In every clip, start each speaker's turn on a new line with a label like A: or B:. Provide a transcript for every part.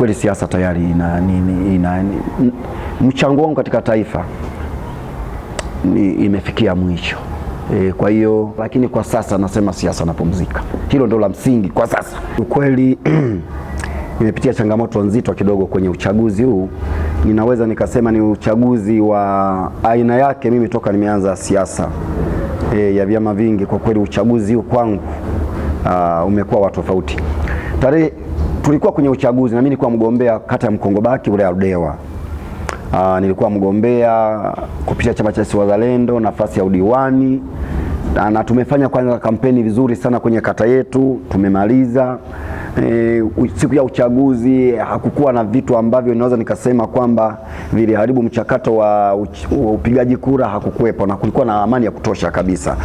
A: kweli siasa tayari ina, ina, ina, mchango wangu katika taifa ni, imefikia mwisho e, kwa hiyo lakini kwa sasa nasema siasa napumzika. Hilo ndio la msingi kwa sasa. Ukweli nimepitia changamoto nzito kidogo kwenye uchaguzi huu, ninaweza nikasema ni uchaguzi wa aina yake. Mimi toka nimeanza siasa e, ya vyama vingi, kwa kweli uchaguzi huu kwangu umekuwa wa tofauti tarehe tulikuwa kwenye uchaguzi na mimi nilikuwa mgombea kata ya Mkongobaki baki ya Ludewa. Aa, ah, nilikuwa mgombea kupitia chama cha ACT Wazalendo nafasi ya udiwani na, na tumefanya kwanza kampeni vizuri sana kwenye kata yetu tumemaliza. E, siku ya uchaguzi hakukuwa na vitu ambavyo naweza nikasema kwamba viliharibu mchakato wa, wa upigaji kura hakukuwepo, na kulikuwa na amani ya kutosha kabisa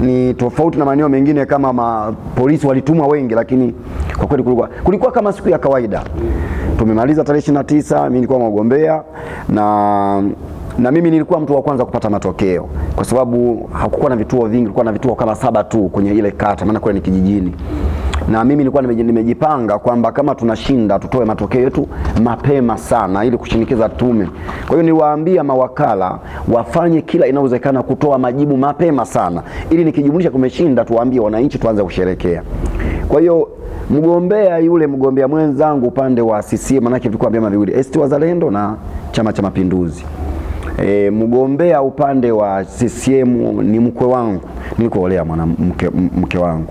A: ni tofauti na maeneo mengine kama ma, polisi walitumwa wengi, lakini kwa kweli kulikuwa kulikuwa kama siku ya kawaida. Tumemaliza tarehe ishirini na tisa mimi nilikuwa mgombea na na mimi nilikuwa mtu wa kwanza kupata matokeo kwa sababu hakukuwa na vituo vingi, kulikuwa na vituo kama saba tu kwenye ile kata, maana kule ni kijijini na mimi nilikuwa nimejipanga kwamba kama tunashinda tutoe matokeo yetu mapema sana ili kushinikiza tume. Kwa hiyo niwaambia mawakala wafanye kila inawezekana kutoa majibu mapema sana, ili nikijumlisha kumeshinda, tuwaambie wananchi tuanze kusherekea. Kwa hiyo mgombea yule mgombea mwenzangu upande wa CCM, manake vilikuwa vyama viwili ACT Wazalendo na Chama cha Mapinduzi. E, mgombea upande wa CCM ni mkwe wangu, nilikuolea mwana mke, mke wangu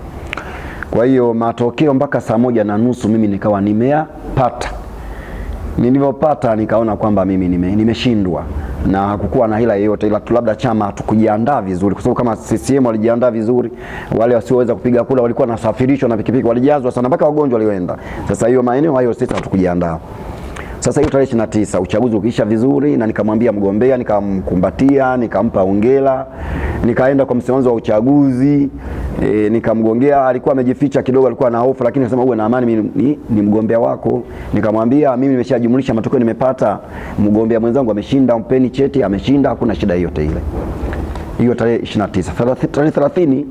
A: kwa hiyo matokeo mpaka saa moja na nusu mimi nikawa nimeyapata. Nilivyopata nikaona kwamba mimi nimeshindwa, na hakukuwa na hila yoyote, ila tu labda chama hatukujiandaa vizuri, kwa sababu kama CCM walijiandaa vizuri, wale wasioweza kupiga kula walikuwa nasafirishwa na pikipiki, walijazwa sana mpaka wagonjwa walioenda. Sasa hiyo maeneo hayo sisi hatukujiandaa. Sasa hiyo tarehe 29 uchaguzi ukiisha vizuri, na nikamwambia mgombea, nikamkumbatia, nikampa hongera, nikaenda kwa msimamizi wa uchaguzi e, nikamgongea. Alikuwa amejificha kidogo, alikuwa na hofu, lakini akasema uwe na amani, mimi ni, ni mgombea wako. Nikamwambia mimi nimeshajumlisha matokeo, nimepata mgombea mwenzangu ameshinda, mpeni cheti, ameshinda, hakuna shida yote ile. Hiyo tarehe 29, tarehe 30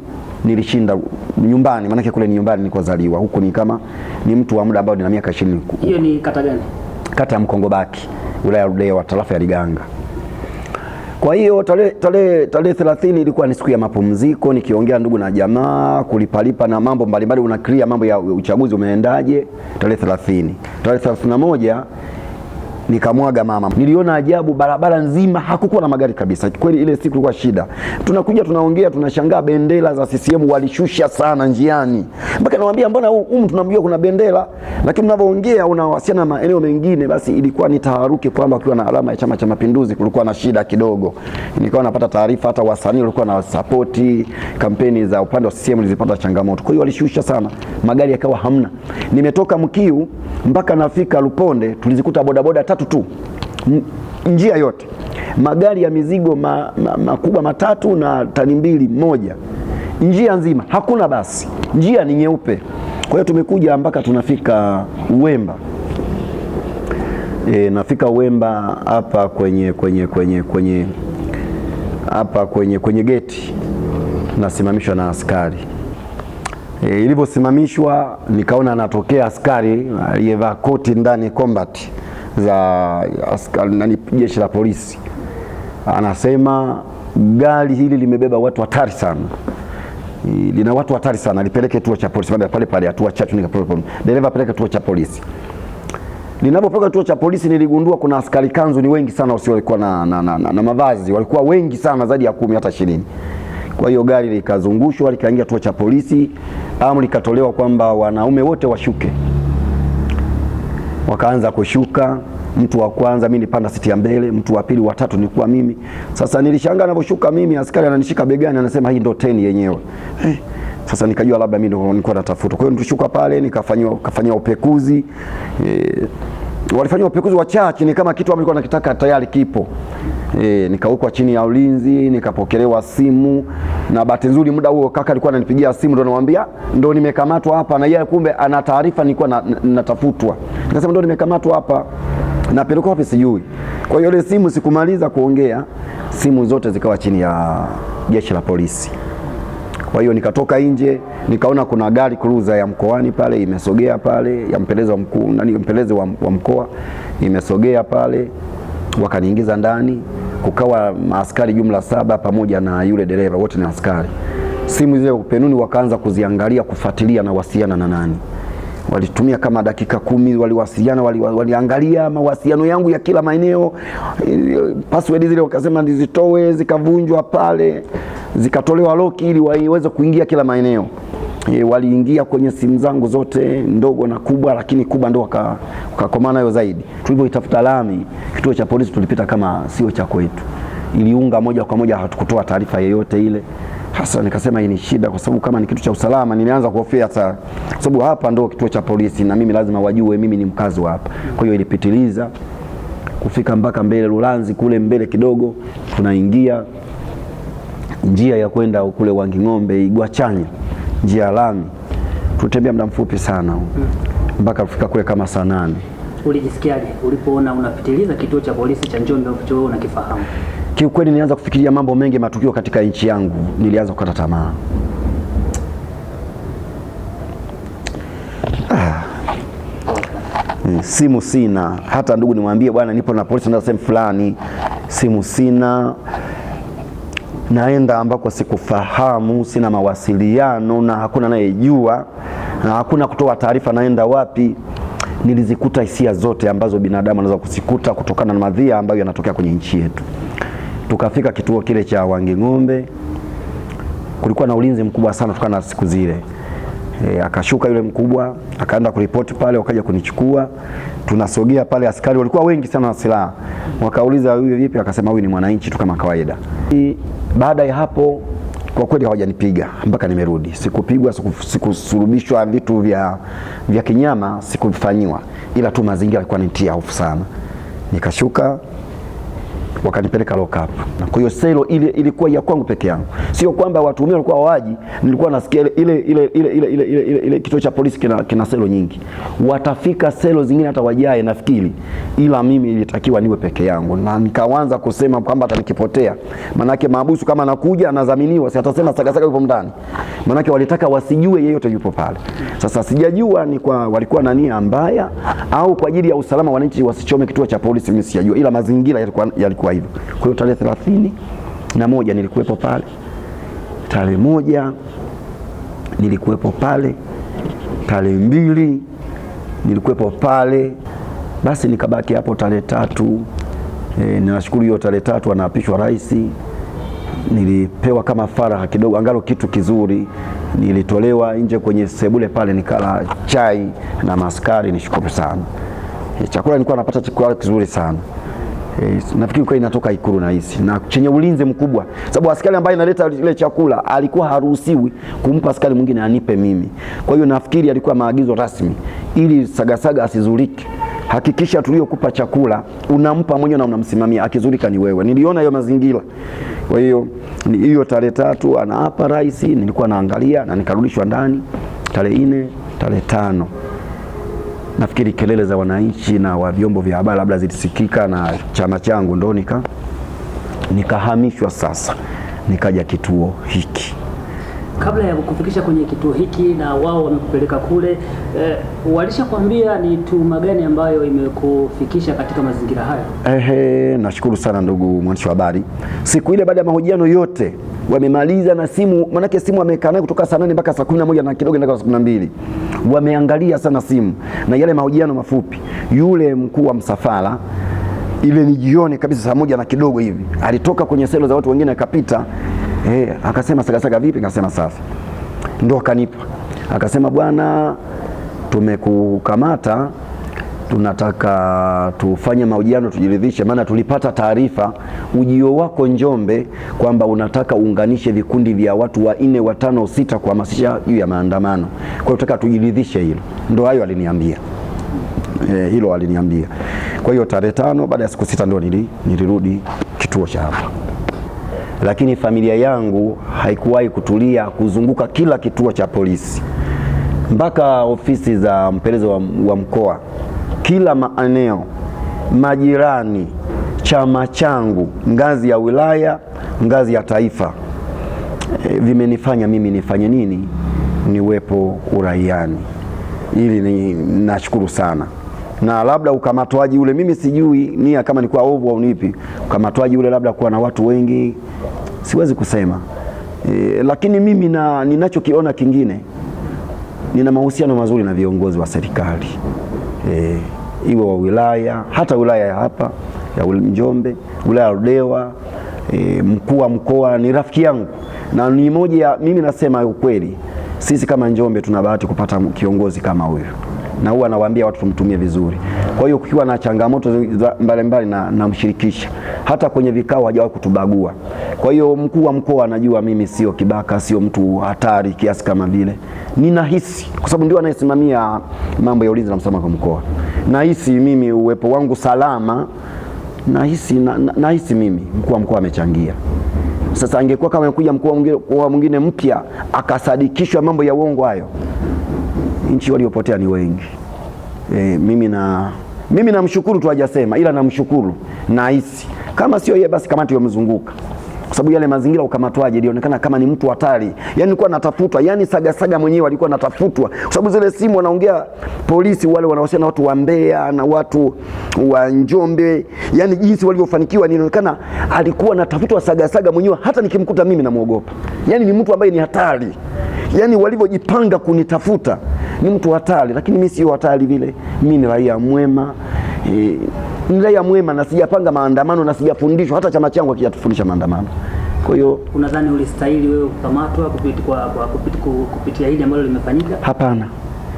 A: nilishinda nyumbani, maanake kule ni nyumbani nilikozaliwa, huku ni kama ni mtu wa muda ambao nina miaka 20.
B: Hiyo ni kata gani?
A: kata ya Mkongobaki wilaya ya Ludewa tarafa ya Liganga. Kwa hiyo tarehe tarehe tarehe 30 ilikuwa ni siku ya mapumziko, nikiongea ndugu na jamaa kulipalipa na mambo mbalimbali, unakilia mambo ya uchaguzi umeendaje. Tarehe 30 tarehe 31 nikamwaga mama. Niliona ajabu, barabara nzima hakukuwa na magari kabisa. Kweli ile siku ilikuwa shida, tunakuja tunaongea, tunashangaa bendera za CCM walishusha sana njiani, mpaka namwambia mbona humu tunamjua kuna bendera, lakini unavyoongea unawasiana na maeneo mengine. Basi ilikuwa ni taharuki kwamba ukiwa na alama ya Chama cha Mapinduzi kulikuwa na shida kidogo. Nilikuwa napata taarifa hata wasanii walikuwa na support kampeni za upande wa CCM zilipata changamoto, kwa hiyo walishusha sana magari, yakawa hamna. Nimetoka Mkiu mpaka nafika Luponde tulizikuta bodaboda tatu tatu tu njia yote, magari ya mizigo ma, ma, makubwa matatu na tani mbili moja, njia nzima hakuna basi, njia ni nyeupe. Kwa hiyo tumekuja mpaka tunafika Uwemba. E, nafika Uwemba hapa kwenye kwenye kwenye kwenye hapa kwenye kwenye geti nasimamishwa na askari e, ilivyosimamishwa nikaona anatokea askari aliyevaa koti ndani combat za nani, jeshi la polisi, anasema gari hili limebeba watu hatari sana, lina watu hatari sana, lipeleke kituo cha polisi pale pale, hatua chachu ni dereva, apeleke kituo cha polisi. Linapopeleka kituo cha polisi, niligundua kuna askari kanzu ni wengi sana walikuwa na, na, na, na, na mavazi, walikuwa wengi sana zaidi ya kumi hata ishirini. Kwa hiyo gari likazungushwa likaingia kituo cha polisi, amri ikatolewa kwamba wanaume wote washuke wakaanza kushuka. Mtu wa kwanza mimi nipanda siti ya mbele, mtu wa pili, wa tatu nilikuwa mimi. Sasa nilishangaa anaposhuka mimi, askari ananishika begani, anasema hii ndo teni yenyewe eh. Sasa nikajua labda mimi ndo nilikuwa natafuta. Kwa hiyo nilishuka pale nikafanywa kafanywa upekuzi eh, walifanywa upekuzi wachache, ni kama kitu ambacho nakitaka tayari kipo E, nikawekwa chini ya ulinzi nikapokelewa simu, na bahati nzuri muda huo kaka alikuwa ananipigia simu, ndo namwambia ndo nimekamatwa hapa, na yeye kumbe ana taarifa nilikuwa natafutwa. Nikasema ndo nimekamatwa hapa, napelekwa wapi sijui. Kwa hiyo ile simu sikumaliza kuongea, simu zote zikawa chini ya jeshi la polisi. Kwa hiyo nikatoka nje, nikaona kuna gari cruiser ya mkoani pale imesogea pale, ya mpelelezi wa mkuu nani, mpelelezi wa mkoa imesogea pale wakaniingiza ndani, kukawa maaskari jumla saba pamoja na yule dereva, wote ni askari. Simu zile upenuni wakaanza kuziangalia, kufuatilia na wasiana na nani walitumia kama dakika kumi, waliwasiliana wali, waliangalia mawasiliano yangu ya kila maeneo. Password zile wakasema nizitoe, zikavunjwa pale, zikatolewa lock ili waiweze kuingia kila maeneo. E, waliingia kwenye simu zangu zote ndogo na kubwa, lakini kubwa ndo wakakomana nayo zaidi. Tulivyoitafuta lami, kituo cha polisi tulipita kama sio cha kwetu, iliunga moja kwa moja, hatukutoa taarifa yoyote ile. Hasa nikasema hii ni shida, kwa sababu kama ni kitu cha usalama, nimeanza kuhofia hata, kwa sababu hapa ndo kituo cha polisi na mimi lazima wajue mimi ni mkazi wa hapa. Kwa hiyo ilipitiliza kufika mpaka mbele Lulanzi, kule mbele kidogo tunaingia njia ya kwenda kule Wanging'ombe Igwachanya njia ya lami, tutembea muda mfupi sana hmm. mpaka kufika kule kama saa nane.
B: Ulijisikiaje ulipoona unapitiliza kituo cha polisi cha Njombe ambacho wewe unakifahamu?
A: Kiukweli nilianza kufikiria mambo mengi, matukio katika nchi yangu, nilianza kukata tamaa. Ah. Hmm, simu sina, hata ndugu nimwambie bwana, nipo na polisi na sehemu fulani, simu sina naenda ambako sikufahamu, sina mawasiliano na hakuna anayejua na hakuna kutoa taarifa naenda wapi. Nilizikuta hisia zote ambazo binadamu anaweza kuzikuta kutokana na madhia ambayo yanatokea kwenye nchi yetu. Tukafika kituo kile cha Wanging'ombe, kulikuwa na ulinzi mkubwa sana kutokana na siku zile. E, akashuka yule mkubwa akaenda kuripoti pale, wakaja kunichukua. Tunasogea pale, askari walikuwa wengi sana na silaha, wakauliza huyu vipi? Akasema huyu ni mwananchi tu kama kawaida. Baada ya hapo kwa kweli hawajanipiga mpaka nimerudi. Sikupigwa, sikusulubishwa, siku vitu vya, vya kinyama sikufanyiwa, ila tu mazingira yalikuwa nitia hofu sana, nikashuka wakanipeleka lock up. Kwa hiyo selo ile ilikuwa ya kwangu peke yangu, sio kwamba watu wengine walikuwa wawaji. Nilikuwa nasikia ile ile ile ile ile ile ile ile kituo cha polisi kina, kina selo nyingi, watafika selo zingine hata wajae nafikiri, ila mimi ilitakiwa niwe peke yangu, na nikaanza kusema kwamba hata nikipotea, manake maabusu kama anakuja anadhaminiwa, si atasema sagasaga yupo ndani, manake walitaka wasijue yeyote yupo pale. Sasa sijajua ni kwa walikuwa na nia mbaya au kwa ajili ya usalama wananchi wasichome kituo cha polisi, mimi sijajua, ila mazingira yalikuwa, yalikuwa ilikuwa hivyo. Kwa hiyo tarehe thelathini na moja nilikuwepo pale, tarehe moja nilikuwepo pale, tarehe mbili nilikuwepo pale, basi nikabaki hapo. Tarehe tatu e, ninashukuru hiyo tarehe tatu anaapishwa rais, nilipewa kama faraha kidogo, angalo kitu kizuri nilitolewa nje kwenye sebule pale, nikala chai na maskari, nishukuru sana. E, chakula nilikuwa napata chakula kizuri sana. E, nafikiri kwa inatoka Ikulu na hizi na chenye ulinzi mkubwa, sababu askari ambaye analeta ile chakula alikuwa haruhusiwi kumpa askari mwingine anipe mimi. Kwa hiyo nafikiri alikuwa maagizo rasmi, ili sagasaga asizuriki, Hakikisha tuliokupa chakula unampa mwenyewe na unamsimamia, akizulika ni wewe. Niliona hiyo mazingira. Kwa hiyo hiyo tarehe tatu anaapa rais, nilikuwa naangalia na nikarudishwa ndani tarehe nne, tarehe tano nafikiri kelele za wananchi na wa vyombo vya habari labda zilisikika na chama changu ndo nika nikahamishwa sasa nikaja kituo hiki.
B: Kabla ya kukufikisha kwenye kituo hiki na wao wamekupeleka kule eh, walishakwambia ni tuma gani ambayo imekufikisha katika mazingira hayo
A: Ehe, nashukuru sana ndugu mwandishi wa habari. Siku ile baada ya mahojiano yote wamemaliza na simu, manake simu amekaa nayo kutoka saa nane mpaka saa kumi na moja na kidogo mpaka saa kumi na mbili wameangalia sana simu na yale mahojiano mafupi. Yule mkuu wa msafara ile ni jioni kabisa, saa moja na kidogo hivi alitoka kwenye selo za watu wengine akapita, eh, akasema Sagasaga, vipi? Akasema safi, ndo akanipa akasema, bwana tumekukamata tunataka tufanye mahojiano tujiridhishe, maana tulipata taarifa ujio wako Njombe kwamba unataka uunganishe vikundi vya watu wanne, watano, sita kuhamasisha juu ya maandamano. Kwa hiyo tunataka tujiridhishe hilo, ndo hayo aliniambia. E, hilo aliniambia. Kwa hiyo tarehe tano baada ya siku sita ndio nili, nilirudi kituo cha hapa, lakini familia yangu haikuwahi kutulia kuzunguka kila kituo cha polisi mpaka ofisi za mpelelezi wa, wa mkoa kila maeneo, majirani, chama changu, ngazi ya wilaya, ngazi ya taifa, e, vimenifanya mimi nifanye nini, niwepo uraiani. Ili ni nashukuru sana na labda ukamatwaji ule mimi sijui nia kama nikuwa ovu au nipi, ukamatwaji ule labda kuwa na watu wengi siwezi kusema e, lakini mimi na ninachokiona kingine, nina mahusiano mazuri na viongozi wa serikali e, iwe wa wilaya hata wilaya ya hapa ya Njombe, wilaya ya Ludewa, e, mkuu wa mkoa ni rafiki yangu na ni moja ya mimi nasema ukweli, sisi kama Njombe tuna bahati kupata kiongozi kama huyu, na huwa anawaambia watu tumtumie vizuri. Kwa hiyo kukiwa na changamoto mbalimbali na namshirikisha, hata kwenye vikao hajawahi kutubagua. Kwa hiyo mkuu wa mkoa anajua mimi sio kibaka, sio mtu hatari kiasi kama vile ninahisi, kwa sababu ndio anayesimamia mambo ya ulinzi na usalama kwa mkoa. Nahisi mimi uwepo wangu salama, nahisi na, nahisi mimi mkuu wa mkoa amechangia. Sasa angekuwa kama kuja mkuu wa mwingine mpya akasadikishwa mambo ya uongo hayo, nchi waliopotea ni wengi e, mimi na mimi namshukuru tu, hajasema ila namshukuru nahisi kama sio yeye, basi kamati yomzunguka kwa sababu yale mazingira ukamatwaje, ilionekana kama ni mtu hatari, yani alikuwa natafutwa, yani Sagasaga mwenyewe alikuwa anatafutwa, kwa sababu zile simu wanaongea polisi wale wanaohusiana na watu wa Mbeya na watu wa Njombe, yani jinsi walivyofanikiwa, nilionekana alikuwa anatafutwa saga mwenyewe. Hata nikimkuta mimi namuogopa, yani ni mtu ambaye ni hatari, yani walivyojipanga kunitafuta ni mtu hatari, lakini mi sio hatari vile. Mi ni raia mwema e, ni raia mwema na sijapanga maandamano na sijafundishwa, hata chama changu hakijatufundisha maandamano.
B: Kwa hiyo unadhani ulistahili wewe kukamatwa kupitia hili ambalo limefanyika?
A: Hapana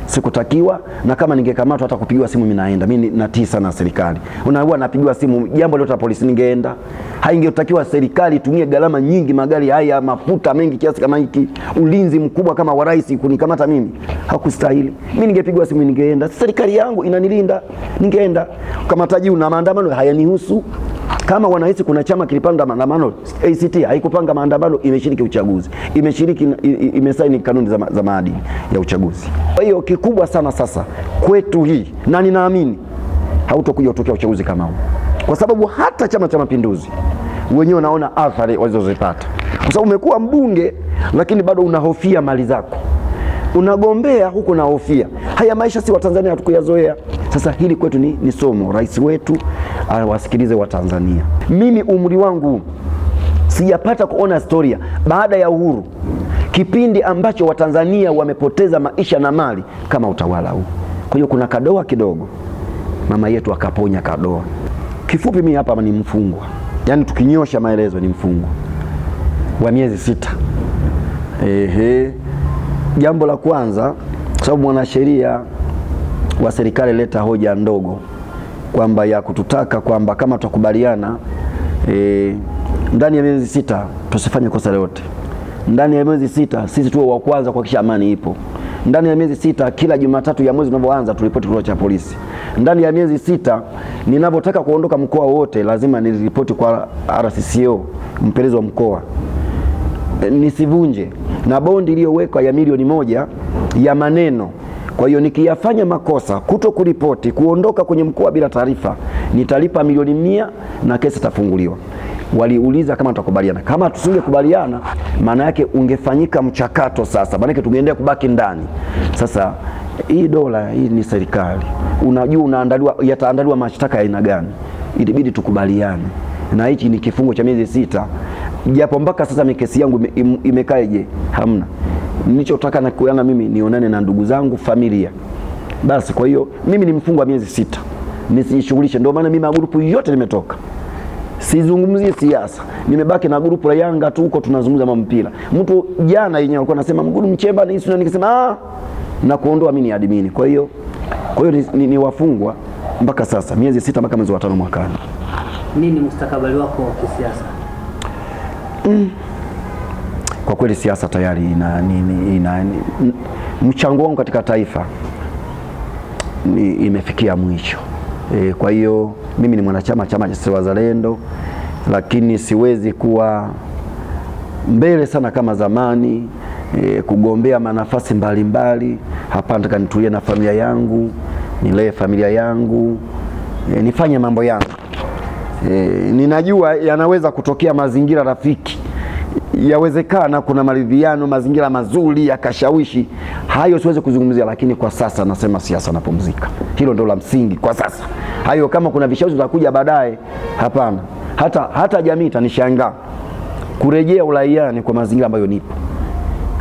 A: sikutakiwa, na kama ningekamatwa hata kupigiwa simu mimi naenda. Mimi natii sana serikali, unaua napigiwa simu jambo lolote la polisi ningeenda. Haingetakiwa serikali itumie gharama nyingi, magari haya, mafuta mengi kiasi kama hiki, ulinzi mkubwa kama wa rais kunikamata mimi, hakustahili. Mimi ningepigwa simu ningeenda. Serikali yangu inanilinda, ningeenda. Kamataji una maandamano hayanihusu kama wanahisi kuna chama kilipanga maandamano, ACT haikupanga maandamano, imeshiriki uchaguzi, imeshiriki, imesaini kanuni za, za maadili ya uchaguzi. Kwa hiyo kikubwa sana sasa kwetu hii, na ninaamini hautokuja kutokea uchaguzi kama huu, kwa sababu hata Chama cha Mapinduzi wenyewe wanaona athari walizozipata, kwa sababu umekuwa mbunge lakini bado unahofia mali zako, unagombea huku unahofia haya maisha, si Watanzania hatukuyazoea. Sasa hili kwetu ni, ni somo. Rais wetu awasikilize Watanzania. Mimi umri wangu sijapata kuona historia baada ya uhuru, kipindi ambacho Watanzania wamepoteza maisha na mali kama utawala huu. Kwa hiyo kuna kadoa kidogo, mama yetu akaponya kadoa. Kifupi, mimi hapa ni mfungwa, yaani tukinyosha maelezo ni mfungwa wa miezi sita. Ehe, jambo la kwanza, kwa sababu mwanasheria wa serikali leta hoja ndogo kwamba ya kututaka kwamba kama tutakubaliana e, ndani ya miezi sita tusifanye kosa lolote, ndani ya miezi sita sisi tuwe wa kwanza kuhakikisha amani ipo ndani ya miezi sita, kila Jumatatu ya mwezi unavyoanza tulipoti kituo cha polisi. Ndani ya miezi sita, ninapotaka kuondoka mkoa wote lazima niliripoti kwa RCCO, mpelezi wa mkoa, e, nisivunje na bondi iliyowekwa ya milioni moja ya maneno kwa hiyo nikiyafanya makosa, kuto kuripoti, kuondoka kwenye mkoa bila taarifa, nitalipa milioni mia na kesi itafunguliwa. Waliuliza kama tutakubaliana. Kama tusingekubaliana, maana yake ungefanyika mchakato sasa, maana yake tungeendelea kubaki ndani. Sasa hii dola hii ni serikali, unajua unaandaliwa, yataandaliwa mashtaka ya aina gani? Ilibidi tukubaliane, na hichi ni kifungo cha miezi sita, japo mpaka sasa mikesi yangu imekaeje? Hamna nilichotaka na kuana mimi nionane na ndugu zangu familia. Basi kwa hiyo mimi ni mfungwa miezi sita, nisijishughulishe. Ndio maana mimi magrupu yote nimetoka, sizungumzie siasa, nimebaki na grupu la Yanga tu, huko tunazungumza mambo mpira. Mtu jana yenyewe alikuwa anasema mguru mchemba ni sio, nikisema ah, na kuondoa mimi ni admini. Kwa hiyo kwa hiyo ni, ni, ni wafungwa mpaka sasa miezi sita mpaka mwezi wa tano mwakani.
B: Nini mustakabali wako wa kisiasa? mm
A: kwa kweli siasa tayari ina, ina, ina, mchango wangu katika taifa ni, imefikia mwisho e, kwa hiyo mimi ni mwanachama chama cha Wazalendo, lakini siwezi kuwa mbele sana kama zamani e, kugombea manafasi mbalimbali. hapa. nataka nitulie na familia yangu, nilee familia yangu e, nifanye mambo yangu e, ninajua yanaweza kutokea mazingira rafiki yawezekana kuna maridhiano, mazingira mazuri yakashawishi hayo, siwezi kuzungumzia, lakini kwa sasa nasema siasa napumzika. Hilo ndo la msingi kwa sasa. Hayo kama kuna vishawishi vitakuja baadaye, hapana. Hata, hata jamii itanishangaa kurejea uraiani kwa mazingira ambayo nipo,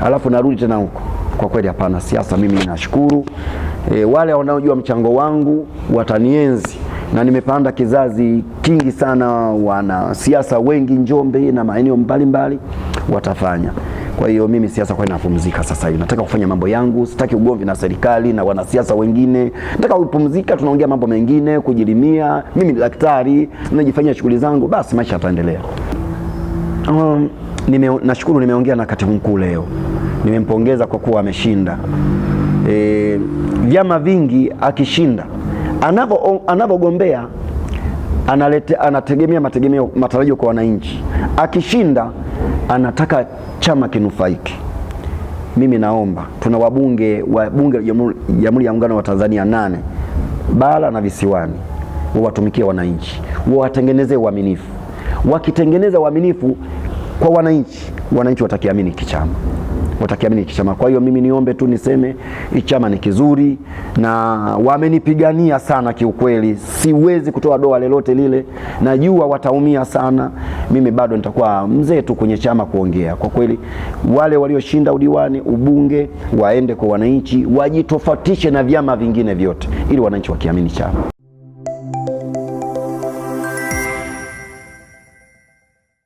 A: alafu narudi tena huko. Kwa kweli hapana, siasa mimi nashukuru. E, wale wanaojua mchango wangu watanienzi na nimepanda kizazi kingi sana wanasiasa wengi Njombe na maeneo mbalimbali watafanya. Kwa hiyo mimi siasa kwa inapumzika sasa hivi, nataka kufanya mambo yangu, sitaki ugomvi na serikali na wanasiasa wengine. Nataka kupumzika, tunaongea mambo mengine, kujilimia. Mimi ni daktari, najifanyia shughuli zangu, basi maisha yataendelea. Um, nime, nashukuru nimeongea na katibu mkuu leo, nimempongeza kwa kuwa ameshinda. E, vyama vingi akishinda anapogombea analete, anategemea mategemeo matarajio kwa wananchi. Akishinda anataka chama kinufaike. Mimi naomba tuna wabunge wa bunge la Jamhuri ya Muungano wa Tanzania nane bara na visiwani, wawatumikie wananchi, wawatengenezee uaminifu. Wakitengeneza uaminifu kwa wananchi, wananchi watakiamini kichama watakiamini hiki chama. Kwa hiyo mimi niombe tu niseme hiki chama ni kizuri na wamenipigania sana kiukweli, siwezi kutoa doa lolote lile, najua wataumia sana. Mimi bado nitakuwa mzee tu kwenye chama kuongea. Kwa kweli, wale walioshinda udiwani, ubunge waende kwa wananchi, wajitofatishe na vyama vingine vyote, ili wananchi wakiamini chama.